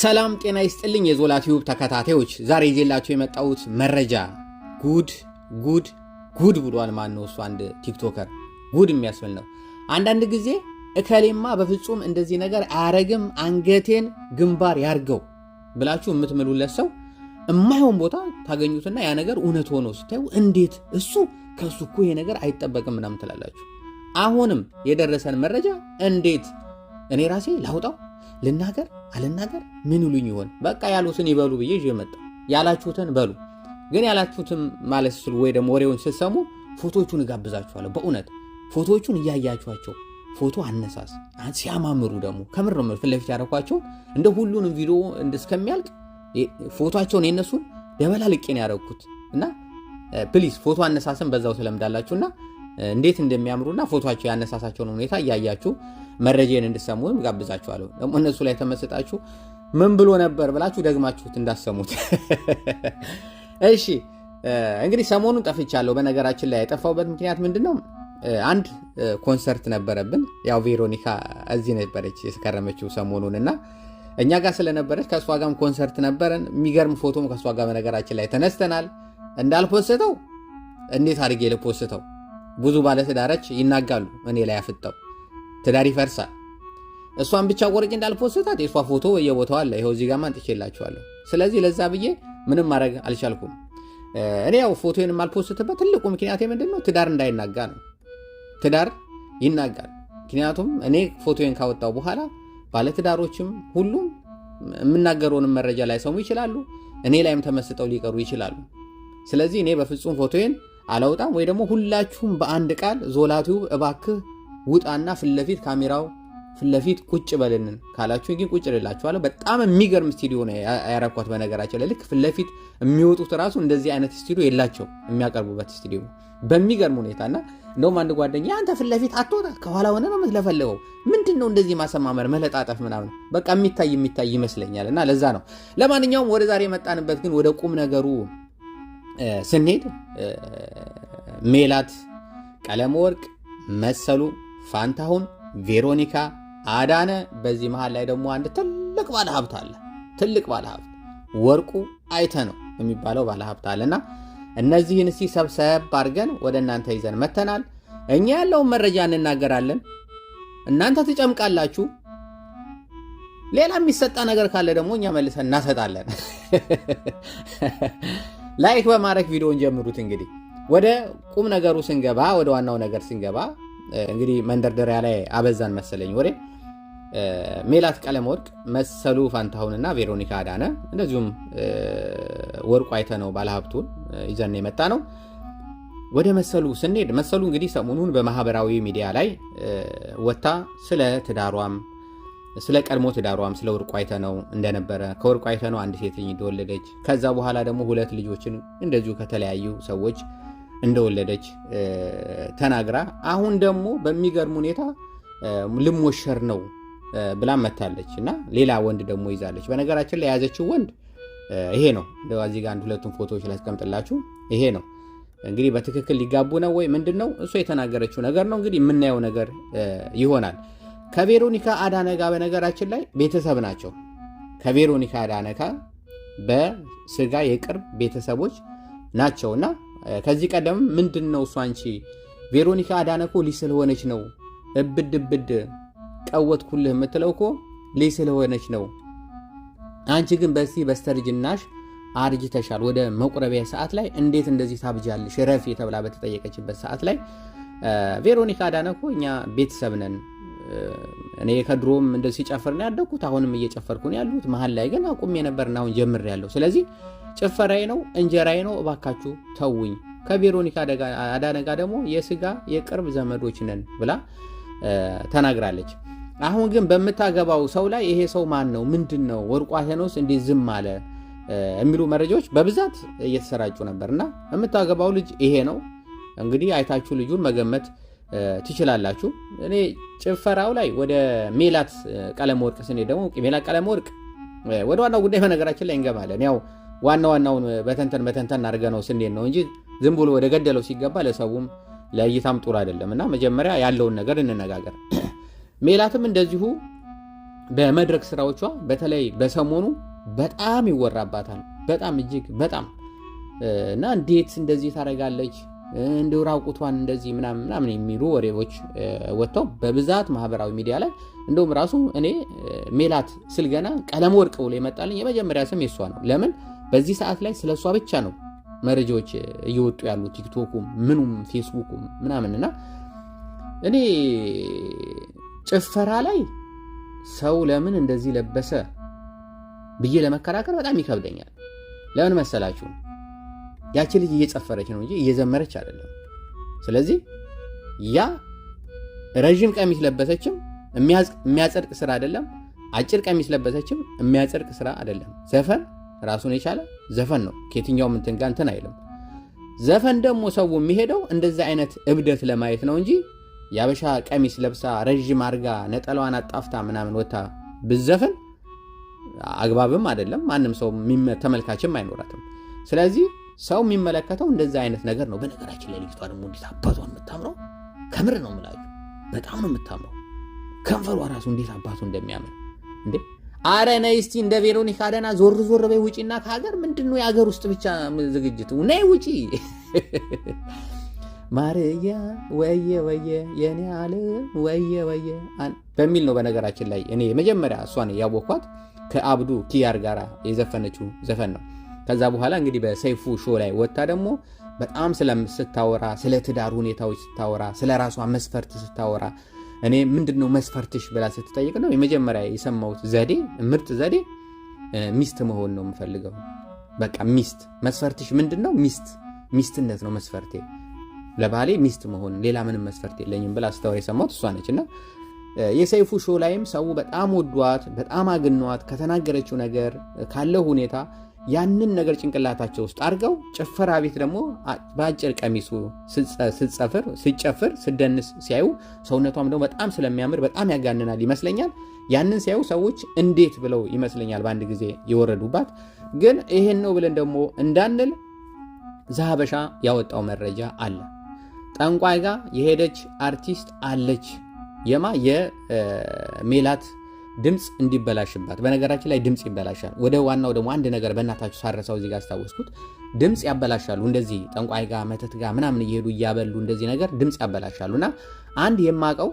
ሰላም ጤና ይስጥልኝ የዞላ ቲዩብ ተከታታዮች፣ ዛሬ ይዤላቸው የመጣሁት መረጃ ጉድ ጉድ ጉድ ብሏል። ነው እሱ አንድ ቲክቶከር ጉድ የሚያስብል ነው። አንዳንድ ጊዜ እከሌማ በፍጹም እንደዚህ ነገር አያረግም አንገቴን ግንባር ያርገው ብላችሁ የምትምሉለት ሰው እማይሆን ቦታ ታገኙትና ያ ነገር እውነት ሆኖ ስታዩ እንዴት እሱ ከእሱ እኮ ይሄ ነገር አይጠበቅም ምናምን ትላላችሁ። አሁንም የደረሰን መረጃ እንዴት እኔ ራሴ ላውጣው ልናገር አልናገር ምን ይሉኝ ይሆን? በቃ ያሉትን ይበሉ ብዬ ይዤ መጣሁ። ያላችሁትን በሉ። ግን ያላችሁትን ማለት ስሉ ወይ ደግሞ ወሬውን ስትሰሙ ፎቶቹን እጋብዛችኋለሁ። በእውነት ፎቶቹን እያያችኋቸው ፎቶ አነሳስ ሲያማምሩ ደግሞ ከምር ነው ፊት ለፊት ያደረኳቸው እንደ ሁሉንም ቪዲዮ እስከሚያልቅ ፎቶቸውን የነሱን ደበላ ነው ያደረኩት እና ፕሊዝ ፎቶ አነሳስን በዛው ስለምዳላችሁና እንዴት እንደሚያምሩና ፎቶቸው ያነሳሳቸውን ሁኔታ እያያችሁ መረጃን እንድሰሙ ወይም ጋብዛችኋለሁ። ደግሞ እነሱ ላይ ተመስጣችሁ ምን ብሎ ነበር ብላችሁ ደግማችሁት እንዳሰሙት። እሺ እንግዲህ ሰሞኑን ጠፍቻለሁ። በነገራችን ላይ የጠፋሁበት ምክንያት ምንድን ነው? አንድ ኮንሰርት ነበረብን። ያው ቬሮኒካ እዚህ ነበረች የተከረመችው ሰሞኑን እና እኛ ጋር ስለነበረች ከእሷ ጋርም ኮንሰርት ነበረን። የሚገርም ፎቶም ከእሷ ጋር በነገራችን ላይ ተነስተናል። እንዳልፖስተው እንዴት አድርጌ ልፖስተው ብዙ ባለትዳሮች ይናጋሉ እኔ ላይ አፍጠው። ትዳር ይፈርሳል። እሷን ብቻ ቆርጬ እንዳልፖስታት የእሷ ፎቶ በየቦታው አለ። ይኸው እዚህ ጋር አንጥቼላችኋለሁ። ስለዚህ ለዛ ብዬ ምንም ማድረግ አልቻልኩም። እኔ ያው ፎቶን የማልፖስትበት ትልቁ ምክንያት ምንድን ነው? ትዳር እንዳይናጋ ነው። ትዳር ይናጋል። ምክንያቱም እኔ ፎቶን ካወጣው በኋላ ባለትዳሮችም ሁሉም የምናገረውንም መረጃ ሰሙ ይችላሉ። እኔ ላይም ተመስጠው ሊቀሩ ይችላሉ። ስለዚህ እኔ በፍጹም ፎቶዬን አላውጣም ወይ ደግሞ ሁላችሁም በአንድ ቃል ዞላቲው እባክህ ውጣና ፍለፊት ካሜራው ፍለፊት ቁጭ በልንን ካላችሁ ግን ቁጭ ልላችኋለሁ። በጣም የሚገርም ስቱዲዮ ነው ያረኳት። በነገራቸው ላይ ልክ ፊትለፊት የሚወጡት ራሱ እንደዚህ አይነት ስቱዲዮ የላቸው የሚያቀርቡበት ስቱዲዮ በሚገርም ሁኔታ እና እንደውም አንድ ጓደኛ አንተ ፍለፊት አትወጣ ከኋላ ሆነ ነው የምትለፈለፈው፣ ምንድን ነው እንደዚህ ማሰማመር መለጣጠፍ ምናምን በቃ የሚታይ የሚታይ ይመስለኛል። እና ለዛ ነው ለማንኛውም ወደ ዛሬ የመጣንበት ግን ወደ ቁም ነገሩ ስንሄድ ሜላት፣ ቀለም ወርቅ፣ መሰሉ፣ ፋንታሁን፣ ቬሮኒካ፣ አዳነ። በዚህ መሀል ላይ ደግሞ አንድ ትልቅ ባለ ሀብት አለ። ትልቅ ባለ ሀብት ወርቁ አይተ ነው የሚባለው ባለ ሀብት እና እነዚህን እስቲ ሰብሰብ አድርገን ወደ እናንተ ይዘን መተናል። እኛ ያለውን መረጃ እንናገራለን፣ እናንተ ትጨምቃላችሁ። ሌላ የሚሰጣ ነገር ካለ ደግሞ እኛ መልሰን እናሰጣለን። ላይክ በማድረግ ቪዲዮን ጀምሩት። እንግዲህ ወደ ቁም ነገሩ ስንገባ፣ ወደ ዋናው ነገር ስንገባ እንግዲህ መንደርደሪያ ላይ አበዛን መሰለኝ ወሬ ሜላት ቀለም ወርቅ መሰሉ ፋንታሁንና ቬሮኒካ አዳነ እንደዚሁም ወርቁ አይተ ነው ባለሀብቱን ይዘን የመጣ ነው። ወደ መሰሉ ስንሄድ መሰሉ እንግዲህ ሰሞኑን በማህበራዊ ሚዲያ ላይ ወታ ስለ ትዳሯም ስለ ቀድሞ ትዳሯም ስለ ወርቁ አይተነው እንደነበረ ከወርቁ አይተነው አንድ ሴት ልጅ እንደወለደች ከዛ በኋላ ደግሞ ሁለት ልጆችን እንደዚሁ ከተለያዩ ሰዎች እንደወለደች ተናግራ አሁን ደግሞ በሚገርም ሁኔታ ልሞሸር ነው ብላ መታለች እና ሌላ ወንድ ደግሞ ይዛለች። በነገራችን ላይ የያዘችው ወንድ ይሄ ነው። እዚህ ጋር አንድ ሁለቱን ፎቶዎች ላስቀምጥላችሁ። ይሄ ነው እንግዲህ በትክክል ሊጋቡ ነው ወይ ምንድን ነው እሱ የተናገረችው ነገር ነው እንግዲህ የምናየው ነገር ይሆናል። ከቬሮኒካ አዳነ ጋር በነገራችን ላይ ቤተሰብ ናቸው። ከቬሮኒካ አዳነ ጋር በስጋ የቅርብ ቤተሰቦች ናቸውና ከዚህ ቀደም ምንድን ነው እሱ አንቺ ቬሮኒካ አዳነ እኮ ልጅ ስለሆነች ነው እብድ እብድ ቀወጥኩልህ የምትለው እኮ ልጅ ስለሆነች ነው። አንቺ ግን በዚህ በስተርጅናሽ አርጅተሻል። ወደ መቁረቢያ ሰዓት ላይ እንዴት እንደዚህ ታብጃለሽ? ረፊ ተብላ በተጠየቀችበት ሰዓት ላይ ቬሮኒካ አዳነ እኮ እኛ ቤተሰብ ነን እኔ ከድሮም እንደዚህ ሲጨፍር ነው ያደግኩት። አሁንም እየጨፈርኩ ነው ያሉት። መሀል ላይ ግን አቁሜ ነበር አሁን ጀምር ያለው። ስለዚህ ጭፈራዬ ነው እንጀራዬ ነው፣ እባካችሁ ተውኝ። ከቬሮኒካ አዳነ ጋር ደግሞ የስጋ የቅርብ ዘመዶች ነን ብላ ተናግራለች። አሁን ግን በምታገባው ሰው ላይ ይሄ ሰው ማን ነው? ምንድን ነው? ወርቁ አቴናውስ ዝም አለ? የሚሉ መረጃዎች በብዛት እየተሰራጩ ነበር እና የምታገባው ልጅ ይሄ ነው። እንግዲህ አይታችሁ ልጁን መገመት ትችላላችሁ። እኔ ጭፈራው ላይ ወደ ሜላት ቀለመወርቅ ስኔ ደግሞ ሜላት ቀለመወርቅ ወደ ዋናው ጉዳይ በነገራችን ላይ እንገባለን። ያው ዋና ዋናውን በተንተን በተንተን አድርገ ነው ስንሄድ ነው እንጂ ዝም ብሎ ወደ ገደለው ሲገባ ለሰውም ለእይታም ጡር አይደለም እና መጀመሪያ ያለውን ነገር እንነጋገር። ሜላትም እንደዚሁ በመድረክ ስራዎቿ በተለይ በሰሞኑ በጣም ይወራባታል። በጣም እጅግ በጣም እና እንዴት እንደዚህ ታደረጋለች እንደው ራቁቷን እንደዚህ ምናምን ምናምን የሚሉ ወሬዎች ወጥተው በብዛት ማህበራዊ ሚዲያ ላይ እንደውም ራሱ እኔ ሜላት ስልገና ቀለም ወርቅ ብሎ የመጣልኝ የመጀመሪያ ስም የሷ ነው። ለምን በዚህ ሰዓት ላይ ስለ እሷ ብቻ ነው መረጃዎች እየወጡ ያሉ ቲክቶኩም፣ ምኑም፣ ፌስቡኩም ምናምንና እኔ ጭፈራ ላይ ሰው ለምን እንደዚህ ለበሰ ብዬ ለመከራከር በጣም ይከብደኛል። ለምን መሰላችሁ? ያቺ ልጅ እየጨፈረች ነው እንጂ እየዘመረች አይደለም። ስለዚህ ያ ረዥም ቀሚስ ለበሰችም የሚያጸድቅ ስራ አይደለም። አጭር ቀሚስ ለበሰችም የሚያጸድቅ ስራ አይደለም። ዘፈን ራሱን የቻለ ዘፈን ነው። ከየትኛውም እንትን ጋር እንትን አይልም። ዘፈን ደግሞ ሰው የሚሄደው እንደዚ አይነት እብደት ለማየት ነው እንጂ የአበሻ ቀሚስ ለብሳ ረዥም አድርጋ ነጠላዋን አጣፍታ ምናምን ወታ ብዘፈን አግባብም አይደለም። ማንም ሰው ተመልካችም አይኖራትም። ስለዚህ ሰው የሚመለከተው እንደዚህ አይነት ነገር ነው። በነገራችን ላይ ልጅቷ ደግሞ እንዴት አባቷ የምታምረው ከምር ነው የምላችሁ፣ በጣም ነው የምታምረው። ከንፈሯ ራሱ እንዴት አባቱ እንደሚያምር እንዴ! አረ ነይ እስቲ እንደ ቬሮኒካ አደና ዞር ዞር በይ ውጪና ከሀገር ምንድን ነው የሀገር ውስጥ ብቻ ዝግጅት ነይ ውጪ ማርያ ወየ ወየ የኔ ዓለም ወየ ወየ በሚል ነው። በነገራችን ላይ እኔ የመጀመሪያ እሷን ያወኳት ከአብዱ ኪያር ጋር የዘፈነችው ዘፈን ነው። ከዛ በኋላ እንግዲህ በሰይፉ ሾ ላይ ወታ ደግሞ በጣም ስታወራ፣ ስለ ትዳር ሁኔታዎች ስታወራ፣ ስለ ራሷ መስፈርት ስታወራ እኔ ምንድን ነው መስፈርትሽ ብላ ስትጠይቅ ነው የመጀመሪያ የሰማሁት ዘዴ፣ ምርጥ ዘዴ ሚስት መሆን ነው የምፈልገው። በቃ ሚስት መስፈርትሽ ምንድን ነው? ሚስት ሚስትነት ነው መስፈርቴ፣ ለባሌ ሚስት መሆን፣ ሌላ ምንም መስፈርት የለኝም ብላ ስታወር የሰማት እሷ ነች እና የሰይፉ ሾ ላይም ሰው በጣም ወዷት በጣም አግኗት ከተናገረችው ነገር ካለው ሁኔታ ያንን ነገር ጭንቅላታቸው ውስጥ አድርገው ጭፈራ ቤት ደግሞ በአጭር ቀሚሱ ስጸፍር ስጨፍር ስደንስ ሲያዩ ሰውነቷም ደግሞ በጣም ስለሚያምር በጣም ያጋንናል ይመስለኛል። ያንን ሲያዩ ሰዎች እንዴት ብለው ይመስለኛል በአንድ ጊዜ የወረዱባት። ግን ይሄን ነው ብለን ደግሞ እንዳንል ዘሀበሻ ያወጣው መረጃ አለ። ጠንቋይ ጋር የሄደች አርቲስት አለች። የማ የሜላት ድምፅ እንዲበላሽባት። በነገራችን ላይ ድምፅ ይበላሻል። ወደ ዋናው ደግሞ አንድ ነገር በእናታችሁ ሳረሰው እዚህ ጋር አስታወስኩት። ድምፅ ያበላሻሉ። እንደዚህ ጠንቋይ ጋር መተት ጋር ምናምን እየሄዱ እያበሉ እንደዚህ ነገር ድምፅ ያበላሻሉ። እና አንድ የማቀው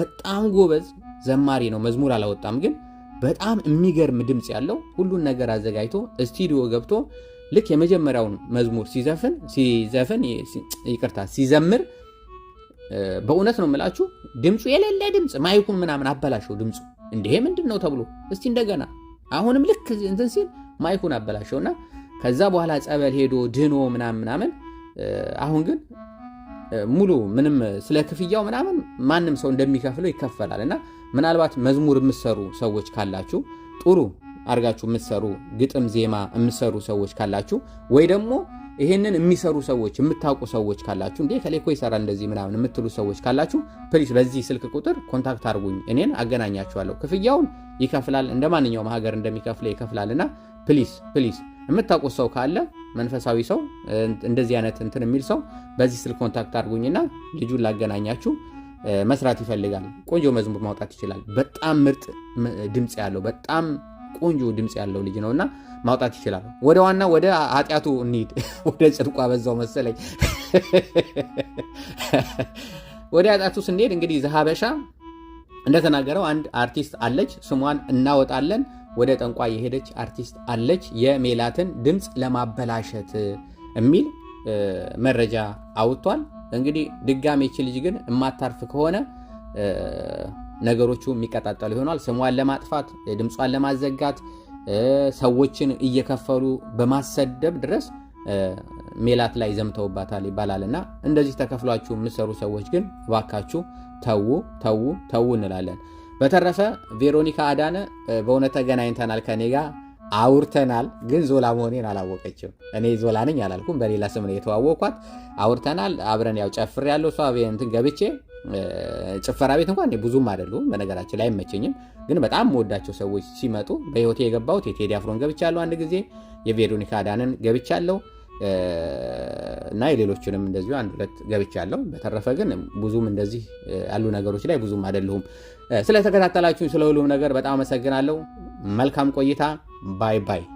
በጣም ጎበዝ ዘማሪ ነው። መዝሙር አላወጣም ግን በጣም የሚገርም ድምፅ ያለው ሁሉን ነገር አዘጋጅቶ ስቱዲዮ ገብቶ ልክ የመጀመሪያውን መዝሙር ሲዘፍን ሲዘፍን ይቅርታ ሲዘምር በእውነት ነው የምላችሁ ድምፁ የሌለ ድምፅ ማይኩን ምናምን አበላሸው ድምፁ እንዲሄ ምንድን ነው ተብሎ እስቲ እንደገና አሁንም ልክ እንትን ሲል ማይኩን አበላሸውና ከዛ በኋላ ጸበል ሄዶ ድኖ ምናምን ምናምን። አሁን ግን ሙሉ ምንም ስለ ክፍያው ምናምን ማንም ሰው እንደሚከፍለው ይከፈላል። እና ምናልባት መዝሙር የምትሰሩ ሰዎች ካላችሁ ጥሩ አድርጋችሁ የምትሰሩ ግጥም ዜማ የምትሰሩ ሰዎች ካላችሁ ወይ ደግሞ ይሄንን የሚሰሩ ሰዎች የምታውቁ ሰዎች ካላችሁ እንዴ ከሌኮ ይሰራል እንደዚህ ምናምን የምትሉ ሰዎች ካላችሁ ፕሊስ በዚህ ስልክ ቁጥር ኮንታክት አርጉኝ እኔን አገናኛችኋለሁ። ክፍያውን ይከፍላል፣ እንደ ማንኛውም ሀገር እንደሚከፍለ ይከፍላል። እና ፕሊስ ፕሊስ የምታውቁ ሰው ካለ መንፈሳዊ ሰው እንደዚህ አይነት እንትን የሚል ሰው በዚህ ስልክ ኮንታክት አርጉኝና ልጁን ላገናኛችሁ። መስራት ይፈልጋል። ቆንጆ መዝሙር ማውጣት ይችላል። በጣም ምርጥ ድምፅ ያለው በጣም ቆንጆ ድምፅ ያለው ልጅ ነው እና ማውጣት ይችላል። ወደ ዋና ወደ ኃጢአቱ እንሂድ። ወደ ጽድቁ አበዛው መሰለኝ። ወደ ኃጢአቱ ስንሄድ እንግዲህ ዘሀበሻ እንደተናገረው አንድ አርቲስት አለች፣ ስሟን እናወጣለን። ወደ ጠንቋ የሄደች አርቲስት አለች የሜላትን ድምፅ ለማበላሸት የሚል መረጃ አውጥቷል። እንግዲህ ድጋሜ ይቺ ልጅ ግን የማታርፍ ከሆነ ነገሮቹ የሚቀጣጠሉ ይሆናል። ስሟን ለማጥፋት ድምጿን ለማዘጋት ሰዎችን እየከፈሉ በማሰደብ ድረስ ሜላት ላይ ዘምተውባታል ይባላል እና እንደዚህ ተከፍሏችሁ የምትሰሩ ሰዎች ግን እባካችሁ ተዉ ተዉ ተዉ እንላለን። በተረፈ ቬሮኒካ አዳነ በእውነት ተገናኝተናል ከኔ ጋር አውርተናል ግን ዞላ መሆኔን አላወቀችም። እኔ ዞላ ነኝ አላልኩም፣ በሌላ ስም ነው የተዋወቅኳት። አውርተናል አብረን ያው ጨፍር ያለው እሷ እንትን ገብቼ ጭፈራ ቤት እንኳን ብዙም አይደሉም በነገራችን ላይ አይመቸኝም፣ ግን በጣም ወዳቸው ሰዎች ሲመጡ በህይወቴ የገባሁት የቴዲ አፍሮን ገብቻለሁ፣ አንድ ጊዜ የቬሮኒካ አዳንን ገብቻለሁ እና የሌሎችንም እንደዚሁ አንድ ሁለት ገብቻለሁ። በተረፈ ግን ብዙም እንደዚህ ያሉ ነገሮች ላይ ብዙም አይደለሁም። ስለተከታተላችሁ ስለ ሁሉም ነገር በጣም አመሰግናለሁ። መልካም ቆይታ Bye bye.